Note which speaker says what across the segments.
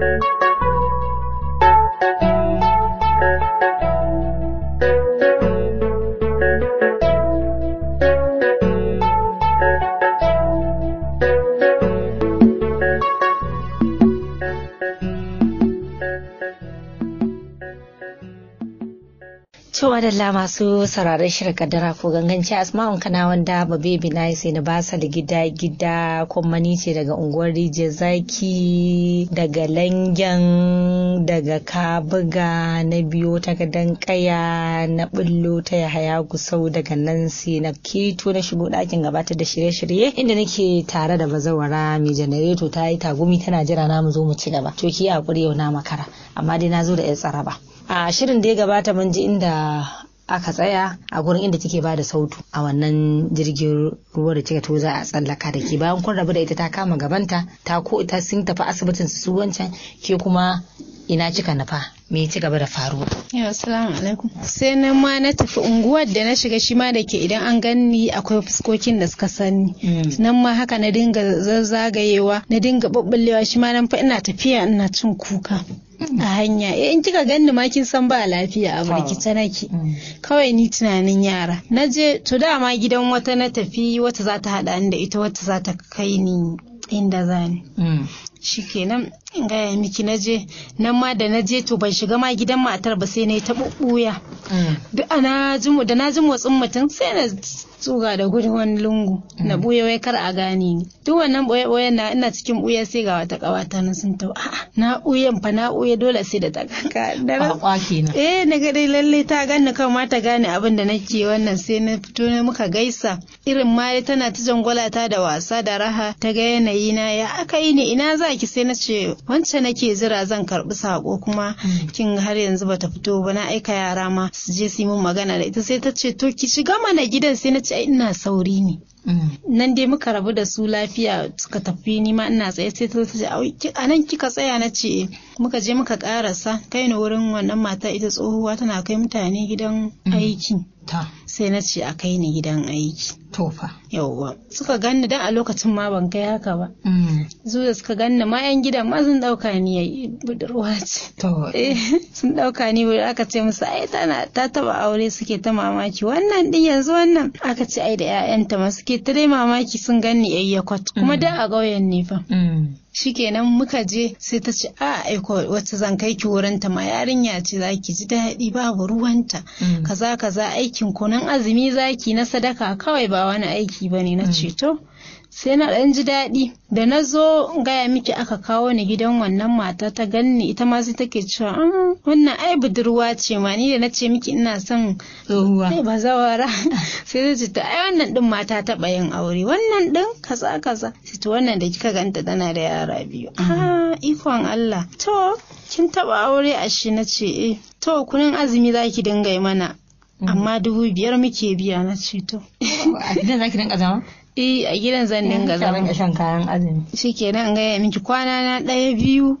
Speaker 1: Thank you. cewa da masu sauraron shirin kaddara ko ganganci asma'un kana wanda ba bebi na sai na basa gida gida kwamani ce daga unguwar rije zaki daga langen daga kabuga na biyo ta gadon kaya na bullo ta yahaya gusau daga nan sai na keto na shigo ɗakin gabatar da shirye-shirye inda nake tare da bazawara mai janareto ta yi tagumi tana jira na mu zo mu ci gaba to ki hakuri yau na makara amma dai na zo da 'yar tsaraba a shirin da ya gabata mun ji inda aka tsaya a gurin inda kike ba da sautu a wannan jirgin ruwa da kika to za a tsallaka da ke bayan kun rabu da ita ta kama gabanta ta ko ta sun tafi asibitin su wancan ke kuma ina kika nafa me ci gaba da faruwa.
Speaker 2: Yau salamu alaikum. Sai nan ma na tafi unguwar da na shiga shi ma da ke idan an ganni akwai fuskokin da suka sani. Mm. Nan ma haka na dinga zazzagayewa na dinga ɓaɓɓallewa shi ma nan fa ina tafiya ina cin kuka. a hanya eh, in kika ganni ma kin san ba lafiya a barkice nake mm. kawai ni tunanin yara na je to dama gidan wata na tafi wata za ta haɗa ni da ita wata za ta kai ni inda zani mm. shikenan in gaya miki na je nan ma da na je to ban shiga ma gidan matar ba sai na yi ta mm. da na ji motsin mutum sai na tsuga da gudun wani lungu na buya mm. wai kar a gane ni duk wannan boye boye na ina cikin buya sai ga wata kawata na sun tawo a'a na uyan fa na uye dole sai da takaka da kwakwa eh na ga dai lalle ta ganni kan ma ta gane abin da nake wannan sai na fito na muka gaisa irin ma tana ta jangwala ta da wasa da raha ta ga yanayi na ya aka yi ni ina zaki sai na ce wancan nake jira zan karbi sako kuma mm. kin har yanzu bata fito ba na aika yara ma su je su yi min magana da ita sai ta ce to ki shiga mana gidan sai na ce ina sauri ne mm. nan dai muka rabu da su lafiya suka tafi ni ma ina tsaye sai ta ce a nan kika tsaya na ce muka je muka karasa kai ni wurin wannan mata ita tsohuwa tana kai mutane gidan mm. aiki sai na ce a kai ni gidan
Speaker 1: aiki tofa yauwa
Speaker 2: suka ganni dan a lokacin ma ban kai haka ba Zuwa mm. da suka ganni ma yan gidan ma sun ɗauka ni ya yi budurwa ce to eh, sun dauka ni aka ce musu ai tana ta taba aure suke ta mamaki wannan din yanzu wannan aka ce ai da 'ya'yanta ma suke ta dai mamaki sun ganni yayyakwat kuma mm. da a gauyen ne fa mm. shikenan muka je sai ta ce a aiko wacce zan kai ki wurinta ma yarinya ce za ki ji daɗi babu ruwanta kaza kaza aikin ku nan azumi zaki na sadaka kawai ba wani aiki ba ne na ceto sai na ɗan ji daɗi da na zo gaya miki aka kawo ni gidan wannan mata ta ganni ita ma sai take cewa ah, wannan ai budurwa ce ma ni da na ce miki ina son tsohuwa ba zawara sai ta ce ta ai wannan ɗin mata taɓa yin aure wannan ɗin kaza kaza sai ta wannan da kika ganta tana da yara biyu mm-hmm. ah ikon Allah to kin taɓa aure a shi na ce eh to kunin azumi zaki dinga yi mana Mhm. amma dubu biyar muke biya na ceto a gidan zaki dinga zama eh a gidan zan dinga eh, zama Ina shan kayan azumi shikenan an gaya miki kwana na ɗaya biyu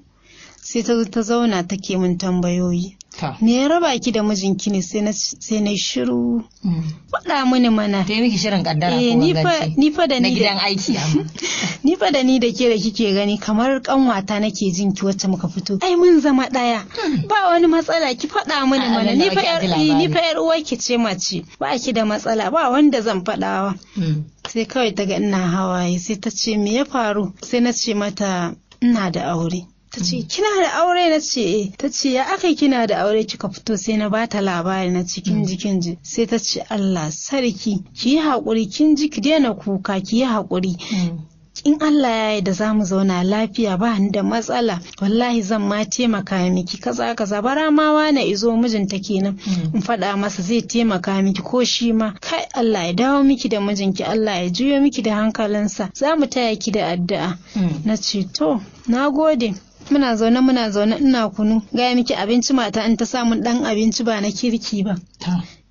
Speaker 2: sai ta ta zauna take min tambayoyi ta me ya raba ki da mijinki ne sai na shiru mm. faɗa mini mana ta yi miki shirin kaddara eh, ko ni fa ni fa da ni na gidan aiki ni fa da ni da ke da kike gani kamar kanwata nake jin ki wacce muka fito ai mun zama ɗaya. Hmm. ba wani matsala ki faɗa mini ah, mana ni fa yar eh, ni fa yar uwarki ce mace ba ki da matsala ba wanda zan faɗawa hmm. sai kawai ta ga ina hawaye sai ta ce me ya faru sai na ce mata ina da aure ta ce kina da aure na ce eh. ta ce ya aka kina da aure kika fito sai na bata labari na cikin mm. jikin ji sai ta ce Allah sarki ki yi haƙuri kin ji ki daina kuka ki yi haƙuri mm. in Allah ya yi da za mu zauna lafiya ba ni da matsala wallahi zan ma taimaka miki kaza kaza bara ma wani izo mijinta kenan mm. in faɗa masa zai taimaka miki ko shi ma kai Allah ya dawo miki da mijinki Allah ya juyo miki da hankalinsa za mu taya ki da addu'a na ce to na gode muna zaune muna zaune ina kunu gaya miki abinci mata in ta samun dan abinci ba na kirki ba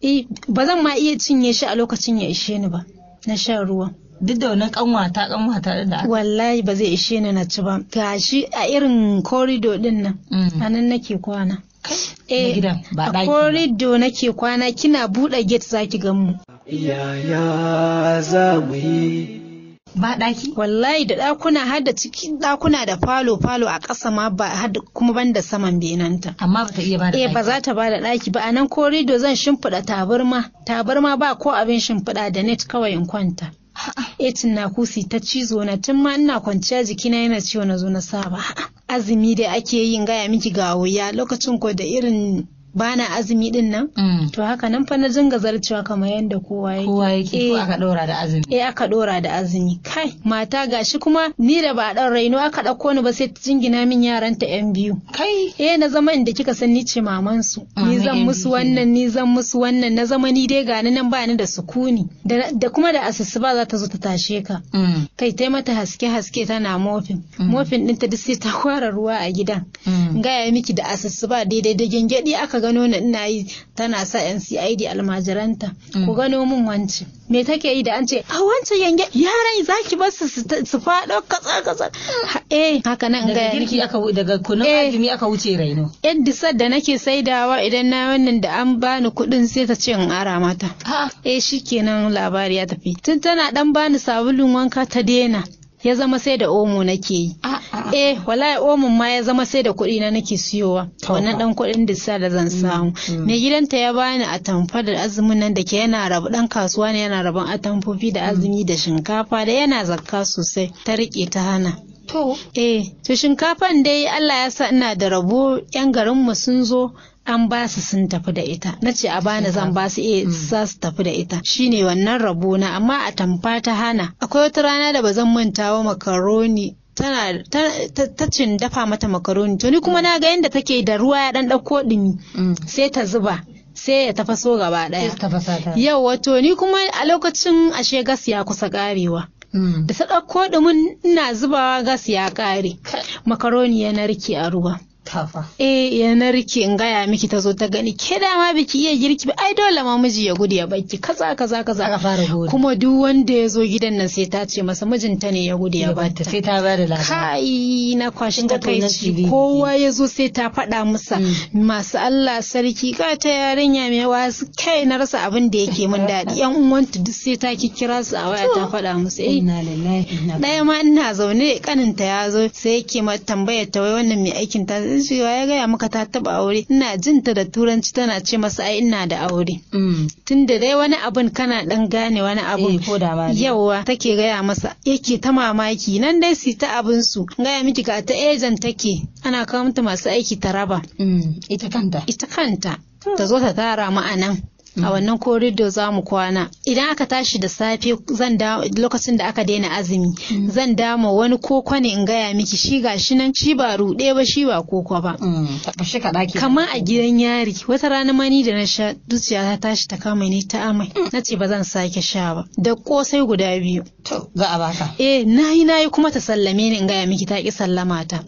Speaker 2: eh, ba zan ma iya cinye shi a lokacin ya ishe ni
Speaker 1: ba na shan ruwa duk da wannan kanwata kanwata da
Speaker 2: wallahi ba zai ishe ni na ci ba gashi a irin korido din nan mm. a nan nake kwana eh a korido nake kwana kina buɗe gate zaki gan mu
Speaker 1: yaya
Speaker 2: za mu yi ba daki wallahi da dakuna har da ciki, dakuna da falo falo a ƙasa ma ba har kuma ban da saman benanta amma ba ta iya bada eh ba za ta bada ɗaki ba a nan ko rido zan shimfiɗa tabarma tabarma ba ko abin shimfiɗa da net kawai in kwanta etin eh, na kusi ta cizo na tun ma ina kwanciya jikina yana ciwo na zo na saba azumi dai ake yin gaya miki ga wuya lokacin ko da irin bana azumi din nan mm. to haka nan fa na jinga zarcewa kamar yadda kowa yake kowa yake ko eh. aka dora da azumi eh aka dora da azumi kai mata gashi kuma ni da ba dan raino aka dauko ni ba sai ta jingina min yaran ta yan biyu kai eh na zama inda kika san ni ce maman su ni zan musu wannan ni zan musu wannan na zama ni dai gani nan bani da sukuni da kuma da asusu ba za ta zo ta tashe ka mm. kai tai mata haske haske tana mofin mm. mofin din ta duk sai ta kwara ruwa a gidan gaya miki da asusu ba daidai da gengedi aka gano na ina yi tana sa NCID almajiranta ku mm. gano mun wance me take yi da an ce a wance yange yaran zaki bar su su faɗo kasa-kasa? eh haka nan ga girki aka
Speaker 1: daga kunun eh. azumi aka wuce raino
Speaker 2: yan disar da nake saidawa idan na wannan da an bani kuɗin sai ta ce in ara mata eh shikenan labari ya tafi tun tana dan bani sabulun wanka ta daina ya zama sai da omo nake yi ah, ah, ah. eh wallahi omo ma ya zama sai da kuɗi na nake siyowa wannan dan kuɗin da sa da zan mm, samu mm. mai gidanta ya bani atamfa da azumin nan da ke yana rabu dan kasuwa ne yana rabon atamfofi da mm. azumi da shinkafa da yana zakka sosai ta riƙe ta hana To. Eh, to shinkafan dai Allah ya sa ina da rabo 'yan mu sun zo an ba su sun tafi da ita na ce a bani zan ba su eh, mm. za su tafi da ita shine wannan rabo na amma a tamfa ta hana akwai wata rana da ba zan manta wa makaroni tana ta cin dafa mata makaroni to ni kuma mm. na ga yadda take da ruwa ya dan dauko dumi mm. sai ta zuba sai ya tafaso gaba daya yau wato ni kuma a lokacin ashe gas ya kusa karewa da ta ɗauko ɗumin ina zubawa gas ya kare. makaroni ya narke a ruwa shinkafa. Eh ya narke in gaya miki ta zo ta gani ke da ma biki iya girki ba ai dole ma miji ya gudu ya baki kaza kaza kaza. fara gudu. Kuma duk wanda ya zo gidan nan sai ta ce masa mijinta ne ya gudu ya bata. Sai ta ba da labari. Kai na kwashi ta kai ci kowa ya zo sai ta faɗa masa mm. masu Allah sarki ka ta yarinya mai wasu kai na rasa abin da yake min daɗi yan uwanta duk sai ta kira su a waya ta faɗa musu. Eh, ɗaya ma ina zaune kaninta ya zo sai ke ma tambayar ta wai wannan mai aikin ta namiji wa ya gaya maka ta taba aure ina jin ta da turanci tana ce masa ai ina da aure mm. tun da dai wani abun kana dan gane wani eh, abun yauwa take gaya masa yake ta mamaki nan dai su ta abin su gaya miki ka ta ejan take ana kawo mata masu aiki ta raba mm. ita kanta ita ta zo ta tara mu anan a mm. wannan korido za mu kwana idan aka tashi da safe zan da lokacin da aka daina azumi mm. zan dama wani koko ne in gaya miki shi ga shi nan shi ba ruɗe ba shi ba koko ba mm, kamar a gidan yari wata rana mani da na sha zuciya ta tashi ta kama ni ta amai na ce ba zan sake sha ba da kosai guda biyu to za a baka eh nayi nayi kuma ta sallame ni in gaya miki ta ki sallama ta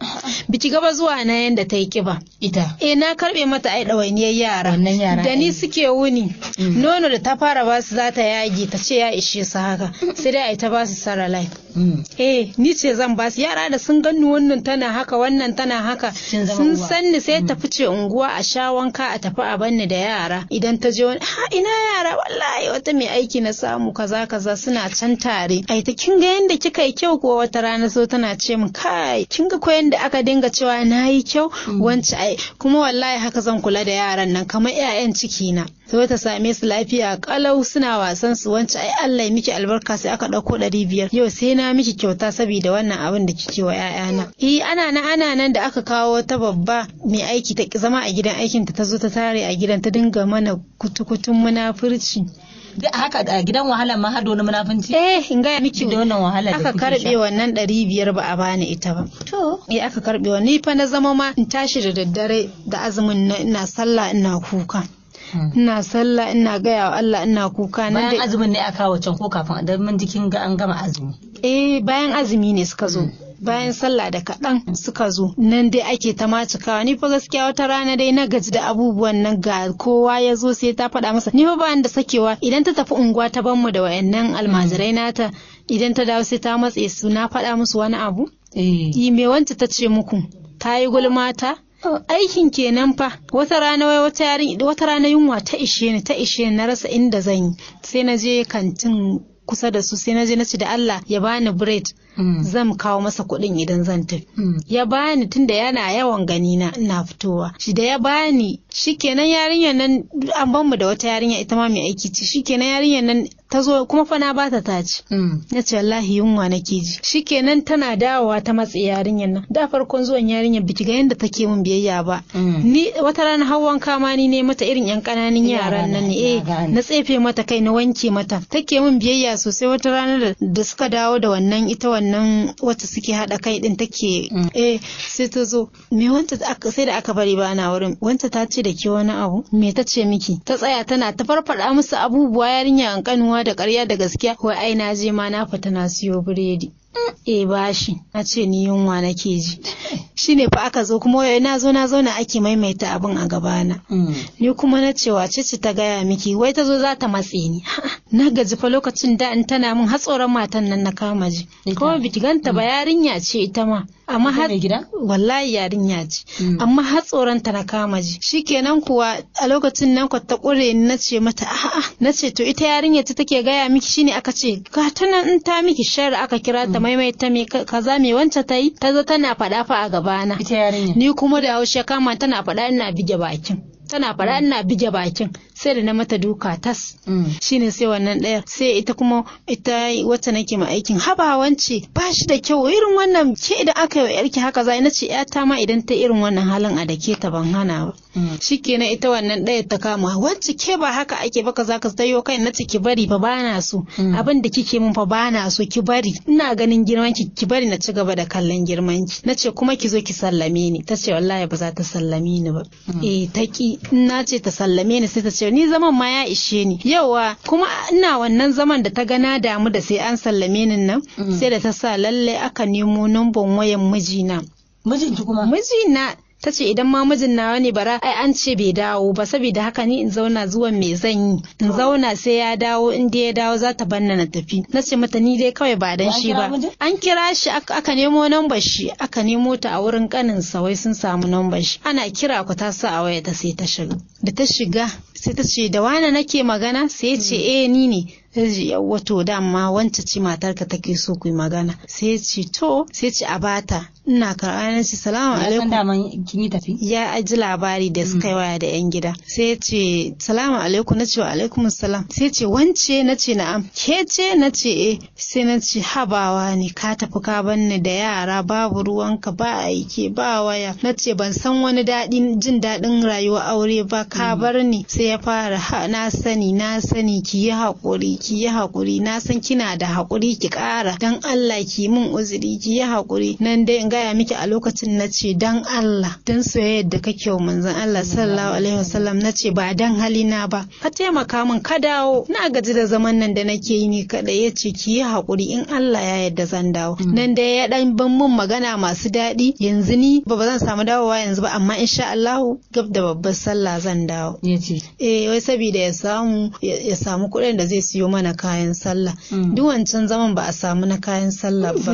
Speaker 2: biki gaba zuwa na yanda ta yi kiba ita eh na karbe mata ai ɗawainiyar yara da ni suke wuni nono da ta fara basu za ta yage ta ce ya ishe su haka sai dai a ta basu saralai Mm. eh ni ce zan ba su yara da sun gani wannan tana haka wannan tana haka sun san ni sai ta mm. fice unguwa a sha wanka a tafi a banni da yara idan ta je wani ha ina yara wallahi wata mai aiki na samu kaza kaza suna can tare ai ta kin ga yanda kika yi kyau kuwa wata rana so tana ce min kai kin ga ko yanda aka dinga cewa na yi kyau mm. wance ai kuma wallahi haka zan kula da yaran nan kamar 'ya'yan ciki na sai ta same su lafiya kalau suna wasan su wance ai Allah ya miki albarka sai aka dauko 500 yau sai na miki kyauta saboda wannan abin da kike wa ƴaƴana eh ana nan ana nan da aka kawo ta babba mai aiki ta zama a gidan aikin ta zo ta tare a gidan ta dinga mana kutukutun munafurci da haka a gidan wahala ma har wani munafunci eh in ga miki da wannan wahala aka karbe wannan ɗari biyar ba a bani ita ba to eh aka karbe ni fa na zama ma in tashi da daddare da azumin na ina sallah ina kuka Hmm. ina sallah ina gaya wa Allah ina kuka nan bayan azumin
Speaker 1: ne aka kawo ko
Speaker 2: kafin da mun jikin ga an gama azumi eh bayan azumi ne suka zo hmm. bayan sallah da kaɗan hmm. suka zo nan dai ake ta macikawa ni fa gaskiya wata rana dai na gaji da abubuwan nan ga kowa ya zo sai ta faɗa masa ni fa ba da sakewa idan ta tafi unguwa ta ban mu da wayannan almajirai nata idan ta dawo sai ta matse su na faɗa musu wani abu eh me wancan ta ce muku ta yi gulmata Oh, aikin kenan fa wata rana wai wata yarin wata rana yunwa ta ishe ni ta ishe ni na rasa inda zan yi sai na je kantin kusa da su sai na je na ci da Allah ya bani bread Mm. zan kawo masa kuɗin idan zan tafi mm. ya bani tunda yana yawan gani na ina fitowa shi da ya bani shikenan yarinyar nan an ban mu da wata yarinya ita ma mai aiki ce shikenan yarinyar nan ta zo kuma fa na bata ta ci mm. na ce wallahi yunwa nake ji shikenan tana dawowa ta matsi yarinyar nan da farkon zuwan yarinyar biki ga yadda take min biyayya ba ni wata rana hawan kama ni ne mata irin yan kananan yaran nan ne eh, na tsefe mata kai na wanke mata take min biyayya sosai wata rana da suka dawo da wannan ita wannan Nan wacce suke haɗa kai ɗin take eh sai ta zo me wanta sai da aka bari bana wurin wanta ta ce da ke wani abu me ta ce miki ta tsaya tana ta farfaɗa musu abubuwa yarinya kanuwa da ƙarya da gaskiya wai ai na je ma na fita na siyo biredi e bashi na ce ni yunwa nake ji Shi ne fa aka zo kuma wai na zo na zauna ake maimaita abin a gabana mm. ni kuma na ce ce ta gaya miki wai ta zo za ta matse ni na gaji fa lokacin da in tana min hatsoron matan nan na kama ji kuma bitiganta ba mm. yarinya ce ita ma amma har wallahi yarinya ce mm. amma hatsoron ta na kama ji shikenan kuwa a lokacin nan ta kure ni nace mata a'a nace to ita yarinya ta take gaya miki shine aka ce ka tana in ta miki shar aka kira ta mm. maimaita me kaza me wancan ta yi tana faɗa fa a gabana ita ni kuma da haushe kama tana faɗa ina bige bakin tana fara mm. ina bige bakin sai da na mata duka tas mm. shine sai wannan ɗaya sai ita kuma ita wacce nake ma aikin haba wance ba shi da kyau irin wannan ke idan aka yi yarki haka za na ce 'yata ma idan ta irin wannan halin a dake ta ban hana ba Mm. shikenan ita wannan ɗaya ta kama wacce ke ba haka ake baka zaka tayo kai na ki bari fa bana so mm. abin da kike min fa bana so ki bari ina ganin girman ki ki bari na ci gaba da kallon girman ki nace kuma ki zo ki sallame ni tace wallahi ba za ta sallame ni ba mm. eh taki ina ce ta sallame ni sai ta ce ni zaman ma ya ishe ni yawa kuma ina wannan zaman da ta gana na damu da sai an sallame ni nan sai da ta sa lallai aka nemo numban wayan mijina mijinki kuma mijina ta ce idan ma mijin nawa ne bara ai an ce bai dawo ba saboda haka ni in zauna zuwan me zan yi in zauna sai ya dawo in da ya dawo za ta banna na tafi na ce mata ni dai kawai ba dan shi ba an kira shi aka nemo nambar shi aka nemo ta a wurin kanin sa wai sun samu nambar shi ana kira ku ta sa a waya ta sai ta shiga da ta shiga sai ta ce da wani nake magana sai ce eh ni ne sai ji yawwa to dama wancan ce matarka take so ku magana sai ce to sai ce a bata ina karɓa na ce salamu alaikum daman kin yi tafi ya aji labari da suka yi mm. waya da yan gida sai ce salamu alaikum na ce wa alaikum salam sai ce wance na ce na'am ke ce na ce eh sai na ce habawa ne ka tafi ka banni da yara babu ruwanka ba aiki ba waya na ce ban san wani daɗin jin daɗin rayuwa aure ba ka mm. bar ni sai ya fara ha na sani na sani ki yi haƙuri ki yi haƙuri na san kina da hakuri ki ƙara dan Allah ki mun uzuri ki yi haƙuri nan dai in gaya miki a lokacin na ce dan Allah dan soyayyar da kake wa manzon Allah sallallahu alaihi wasallam na ce ba dan halina ba ka taimaka min ka dawo na gaji da zaman nan da nake yi ni kada ya ce ki yi haƙuri in Allah ya yarda zan dawo mm. nan dai ya dan ban mun magana masu daɗi yanzu ni ba zan samu dawowa yanzu ba amma insha Allah gab da babbar sallah zan dawo eh wai saboda ya samu ya samu kuɗin da zai siyo mana kayan sallah mm. duk wancan zaman ba a samu na kayan sallah ba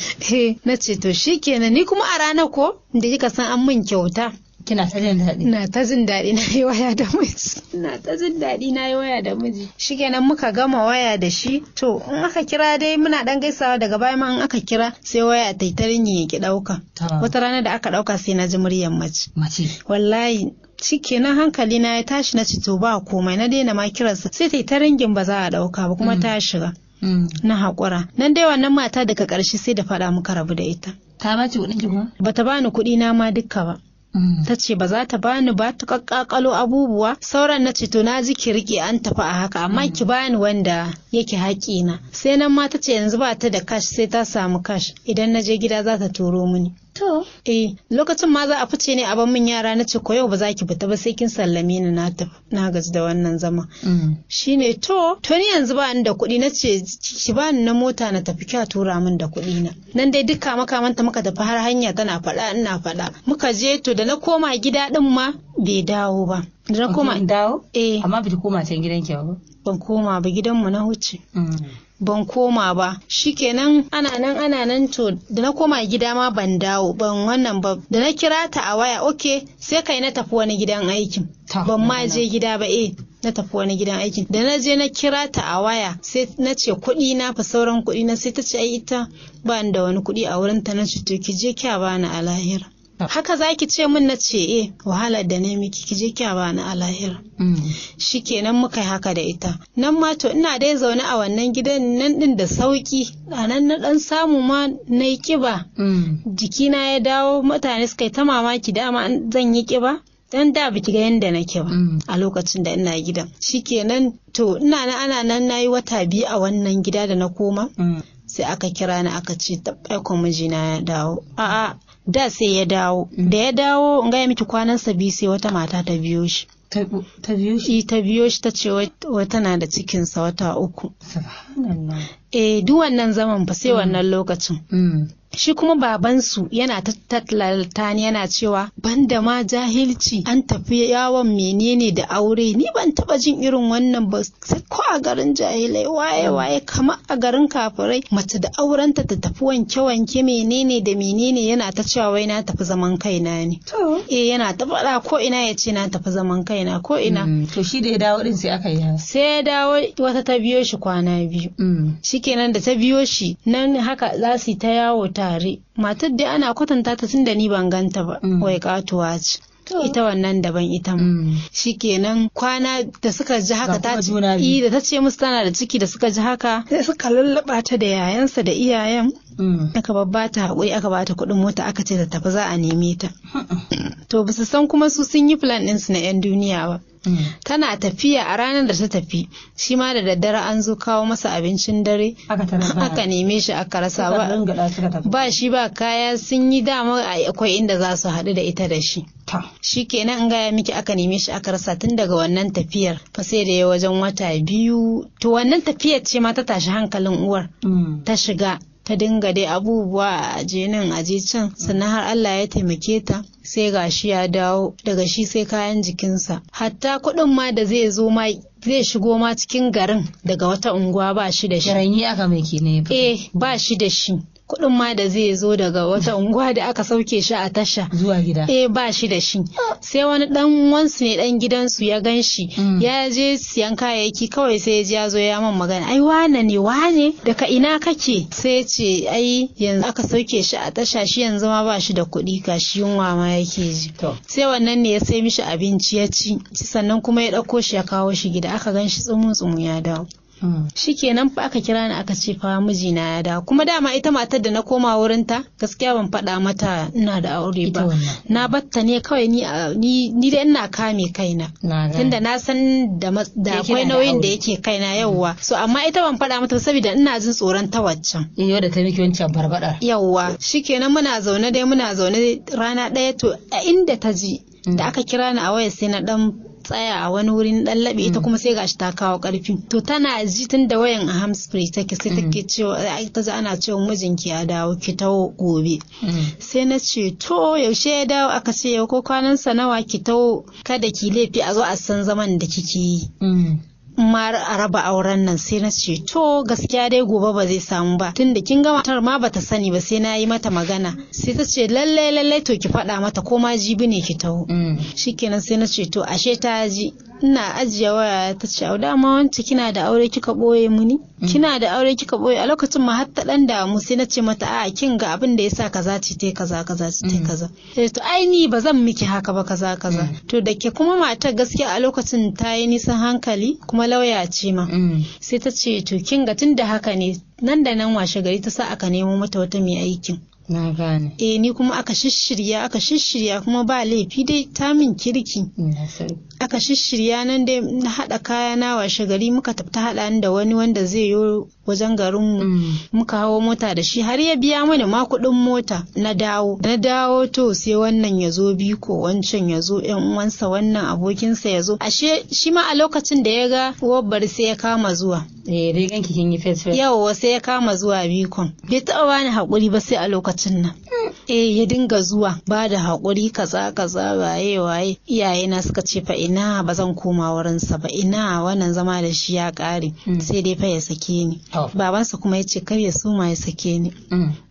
Speaker 2: na ce to shikenan ni kuma a ranar ko da kika san an min kyauta kina ta jin daɗi na ta jin daɗi na yi waya da miji na ta jin daɗi na yi waya da miji shikenan muka gama waya da shi to in aka kira dai muna dan gaisawa daga baya ma in aka kira sai waya ta yi ta ki ɗauka wata rana da aka ɗauka sai na ji muryar mace mace wallahi na hankali na ya tashi na to ba komai na daina ma kiransa sai ta ta ringin ba za a dauka ba kuma mm. ta shiga mm. na haƙura nan dai wannan mata daga karshe sai da faɗa muka rabu da ita ta ba ki kuɗin ki kuma bata bani kuɗi na ma duka ba mm. ta ce ba za ta bani ba ta kakkakalo abubuwa sauran na ce to na ji ki rike an tafi a haka amma ki bani wanda yake haƙi na sai nan ma ta ce yanzu ba ta da kash sai ta samu kash idan na je gida za ta turo mini To. Eh, lokacin ma za a fice ne a ban min yara na ce ko yau ba za ki fita ba sai kin sallame ni na tafi. Na gaji da wannan zama. Mm. Shi ne to, to ni yanzu ba da kuɗi na ce ki ba ni na mota na tafi kya tura min da kuɗi na. Nan dai dukka makamanta muka tafi har hanya tana faɗa ina faɗa. Muka je to da na koma gida ɗin ma bai dawo ba. Da na koma. Dawo? Eh. Amma bai koma can gidan ki ba. Ban koma ba gidanmu na huce. Mm. ban koma ba shikenan ana nan ana nan to da na koma gida ma ban dawo ban wannan ba da na kira ta a waya ok sai kai na tafi wani gidan aikin ban ma je gida ba eh na tafi wani gidan aikin da na je na kira ta a waya sai na ce kuɗi na fa sauran kuɗi na sai ta ce ai ita ba da wani kuɗi a wurin ta na ce to ki je kya bani a lahira haka za ki ce min na ce e wahalar da ne miki ki je kya ba ni alahira mm. shikenan muka yi haka da ita nan ma to ina dai zaune a wannan gidan nan din da sauki a nan na dan samu ma na yi kiba mm. jikina ya dawo mutane suka yi ta mamaki dama zan yi kiba dan da biki ga yanda nake ba mm. a lokacin da ina gidan kenan to ina na ana nan na yi wata biyu a wannan gida da na koma sai aka kira ni aka ce tabbaikon mijina ya dawo a'a da sai ya dawo da ya dawo in gaya miki kwanansa biyu sai wata mata ta biyo shi ta biyo shi ta biyo shi ta ce wata na da cikinsa wata uku E duk wannan zaman ba sai mm. wannan lokacin mm. shi kuma babansu yana tattalalta ni yana cewa ban da ma jahilci an tafi yawon menene da aure ni ban taba jin irin wannan ba sai ko a garin jahilai waye mm. waye kama a garin kafirai mace da aurenta ta tafi wanke wanke menene da menene yana ta cewa wai na tafi zaman kaina ne eh yana ta faɗa ko ina ya ce na tafi zaman kaina ko ina to shi da ya dawo din sai aka yi sai ya dawo wata ta biyo shi kwana biyu shi shikenan da ta biyo shi nan haka za su ta yawo tare matar dai ana kwatanta ta tun da ni ban ganta ba mm. wai katuwa ce ita wannan daban ita mm. shikenan kwana da suka ji haka ta eh, da ta ce musu tana da ciki da suka ji haka sai suka lallaba ta da yayansa da iyayen mm. aka babba ta hakuri aka bata kuɗin mota aka ce ta tafi za a neme ta to ba su san kuma su sun yi plan ɗinsu na 'yan duniya ba tana tafiya a ranar da ta tafi shi ma da daddare an zo kawo masa abincin dare aka neme shi aka rasa ba ba shi ba kaya sun yi dama akwai inda za su haɗu da ita da shi shi kenan in gaya miki aka neme shi aka rasa tun daga wannan tafiyar fa sai da ya wajen wata biyu to wannan tafiyar ce ma ta tashi hankalin uwar mm. ta shiga ta dinga dai abubuwa a je nan a can sannan har Allah ya taimake ta sai gashi ya dawo daga shi sai kayan jikinsa hatta kuɗin ma da zai zo ma zai shigo ma cikin garin daga wata unguwa ba shi da shi. Garanyi aka mai Eh ba shi da shi. kuɗin ma da zai zo daga wata unguwa da aka sauke shi a tasha zuwa gida eh ba shi da shi sai wani dan wansu ne dan gidansu ya gan shi mm. ya je siyan kayayyaki kawai sai ya je ya zo ya man magana ai wane ne wane daga ina kake sai ce ai yanzu aka sauke shi a tasha shi yanzu ma ba shi da kuɗi ga shi yunwa ma yake ji sai wannan ne ya sai mishi abinci ya ci sannan kuma ya ɗauko shi ya kawo shi gida aka gan shi tsumun tsumu ya dawo Hmm. shikenan fa aka kira ni aka ce fa mijina ya da kuma dama ita matar da na koma wurin ta gaskiya ban faɗa mata ina da aure ba na batta ne kawai ni ni da ina kame kaina tunda na san da akwai nauyin da yake kaina yawwa hmm. so amma ita ban faɗa mata saboda ina jin tsoron ta waccan yau eh, da ta miki wancan farfada yawwa shikenan muna zaune dai muna zaune rana ɗaya to a inda ta ji hmm. da aka kira ni a waya sai na ɗan. tsaya a wani wurin dan ita mm. kuma sai gashi ta kawo karfi to tana ji tun da wayan a hamspray take sai take mm. cewa ta za ana cewa mijinki ya dawo ki taho gobe mm. sai na ce to yaushe ya dawo aka ce ko kwanan sa nawa ki taho kada ki laifi a zo a san zaman da kike yi mar a raba auren nan sai na ce to gaskiya dai gobe ba zai samu ba tunda kin ga matar ma bata sani ba sai na yi mata magana sai ta ce lalle lalle to ki faɗa mata ko ma jibi ne ki taho mm. shikenan sai na ce to ashe ta ji ina ajiye waya ta ce dama wance kina da aure kika boye muni mm. kina da aure kika boye a lokacin ma har ta dan damu sai na ce mata a kin ga abin da yasa kaza ce tai kaza kaza ce mm. kaza eh, to ai ni ba zan miki haka ba kaza kaza mm. to da ke kuma matar gaskiya a lokacin ta yi nisan hankali kuma lauya ce ma sai ta ce to kin ga tun da haka ne nan da nan washe gari ta sa aka nemo mata wata mai aikin Na gane. Eh ni kuma aka shishirya aka shishirya kuma ba laifi dai ta min kirki. aka shishirya nan dai na haɗa kaya na washe gari muka tafta ta haɗa ni da wani wanda zai yo wajen garin mu mm. muka hawo mota da shi har ya biya mana ma kuɗin mota na dawo na dawo to sai wannan ya zo biko wancan ya zo yan uwansa wannan abokinsa ya zo ashe shi ma a lokacin da ya ga wabbar sai ya kama zuwa eh dai ganki kin yi face yawa sai ya kama zuwa bikon bai taɓa bani haƙuri ba sai a lokacin nan eh ya dinga zuwa ba da haƙuri kaza kaza waye waye iyaye na suka ce fa ina ba zan koma wurinsa ba ina wannan zama da shi ya ƙare mm. sai dai fa ya sake ni oh. babansa kuma ya ce kar ya suma ya sake ni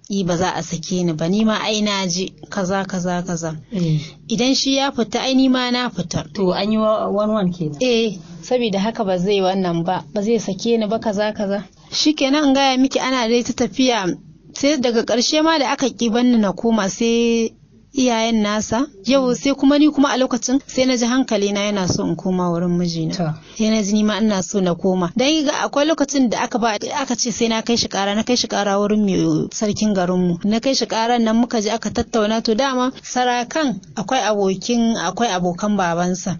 Speaker 2: yi mm. ba za a sake ni ba ni ma ai na ji kaza kaza kaza eh. idan shi ya fita ai ni ma na fita to an yi wan wan kenan eh saboda haka ba zai wannan ba ba zai sake ni ba kaza kaza shikenan in gaya miki ana dai ta tafiya sai daga ƙarshe ma da aka ƙi banni na koma sai iyayen nasa yau mm. sai kuma ni kuma a lokacin sai na ji hankali na yana so in koma wurin mijina sai na ji ni ma ina so na koma dan ga akwai lokacin da aka ba aka ce sai na kai shi kara na kai shi kara wurin mai sarkin garin mu na kai shi kara nan muka je aka tattauna to dama sarakan akwai abokin akwai abokan babansa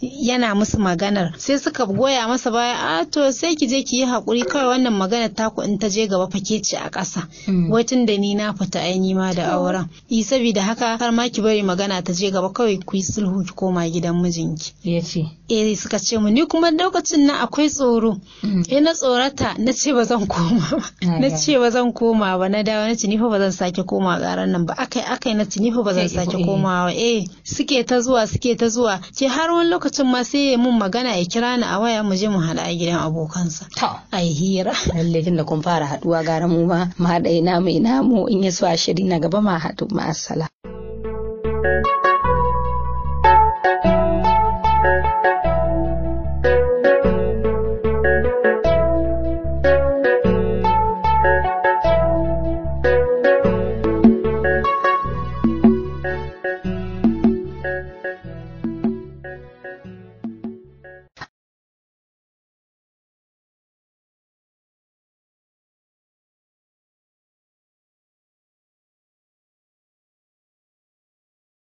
Speaker 2: yana musu maganar sai suka goya masa baya a ah, to sai ki je ki yi hakuri kawai wannan ta taku in ta je gaba fake ci a ƙasa mm. wai tun da ni na fita aini ma da auren yi saboda haka har ma ki bari magana ta je gaba kawai ku yi sulhu ki koma gidan mijinki yace eh suka ce mu ni kuma lokacin nan akwai tsoro mm. eh na tsorata na ce ba zan koma ba na ce ba zan koma ba na dawo na ce ni fa ba zan sake koma garan nan ba akai akai na ce ni fa ba zan sake eh. komawa eh suke ta zuwa suke ta zuwa ke har wani lokacin ma sai ya mun magana ya kira ni a waya mu je mu haɗu a gidan abokansa. To. A hira. Lallai tun
Speaker 1: da kun fara haɗuwa gara mu ma mu namu ina mu in ya so a shiri na gaba ma haɗu ma thank